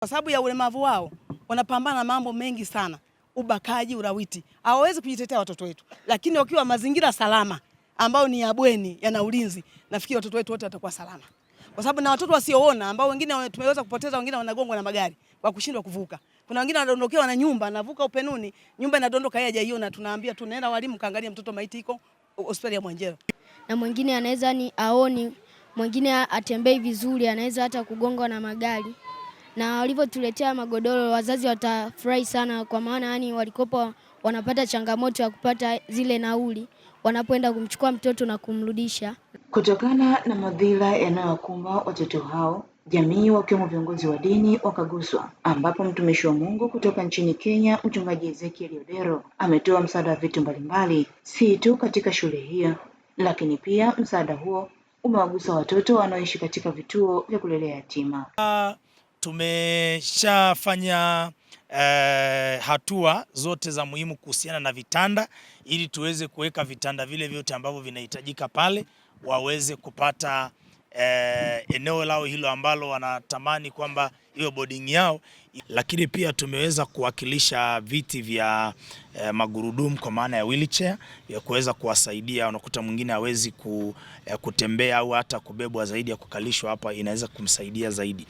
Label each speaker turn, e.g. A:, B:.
A: Kwa sababu ya ulemavu wao wanapambana na mambo mengi sana, ubakaji, urawiti. hawawezi kujitetea watoto wetu, lakini wakiwa mazingira salama ambayo ni ya bweni yana ulinzi, nafikiri watoto wetu wote watakuwa salama, kwa sababu na watoto wasioona ambao wengine tumeweza kupoteza, wengine wanagongwa na magari kwa kushindwa kuvuka. Kuna wengine wanadondokewa na nyumba, anavuka upenuni, nyumba inadondoka, yeye hajaiona. Tunaambia tunaenda walimu, kaangalia mtoto maiti iko hospitali ya Mwanjera.
B: Na mwingine anaweza ni aoni, mwingine atembei vizuri, anaweza hata kugongwa na magari na walivyotuletea magodoro wazazi watafurahi sana, kwa maana yani walikopa wanapata changamoto ya kupata zile nauli wanapoenda kumchukua mtoto na kumrudisha.
C: Kutokana na madhila yanayowakumba watoto hao, jamii wakiwemo viongozi wa dini wakaguswa, ambapo mtumishi wa Mungu kutoka nchini Kenya, mchungaji Ezekiel Odero ametoa msaada wa vitu mbalimbali, si tu katika shule hiyo, lakini pia msaada huo umewagusa watoto wanaoishi katika vituo vya kulelea yatima.
D: Uh, tumeshafanya eh, hatua zote za muhimu kuhusiana na vitanda ili tuweze kuweka vitanda vile vyote ambavyo vinahitajika pale waweze kupata eh, eneo lao hilo ambalo wanatamani kwamba iwe boarding yao, lakini pia tumeweza kuwakilisha viti vya eh, magurudumu kwa maana ya wheelchair ya kuweza kuwasaidia. Unakuta mwingine hawezi ku, eh, kutembea au hata kubebwa zaidi ya kukalishwa hapa, inaweza kumsaidia zaidi.